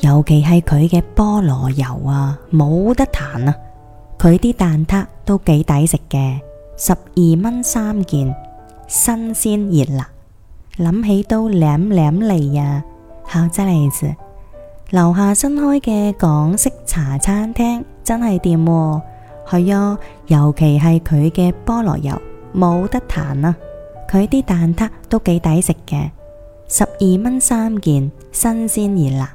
尤其係佢嘅菠蘿油啊，冇得彈啊！佢啲蛋撻都幾抵食嘅，十二蚊三件，新鮮熱辣。諗起都舐舐脷呀，好真係！樓下新開嘅港式茶餐廳真係掂喎，係啊！尤其係佢嘅菠蘿油冇得彈啊！佢啲蛋撻都幾抵食嘅，十二蚊三件，新鮮熱辣。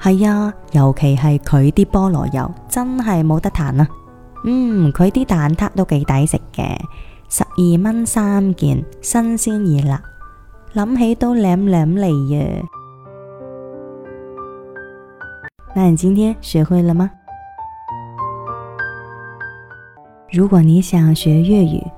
係啊，尤其係佢啲菠蘿油真係冇得彈啊！嗯，佢啲蛋撻都幾抵食嘅，十二蚊三件，新鮮熱辣，諗起都舐舐脷嚟！那你今天學會了嗎？如果你想學粵語。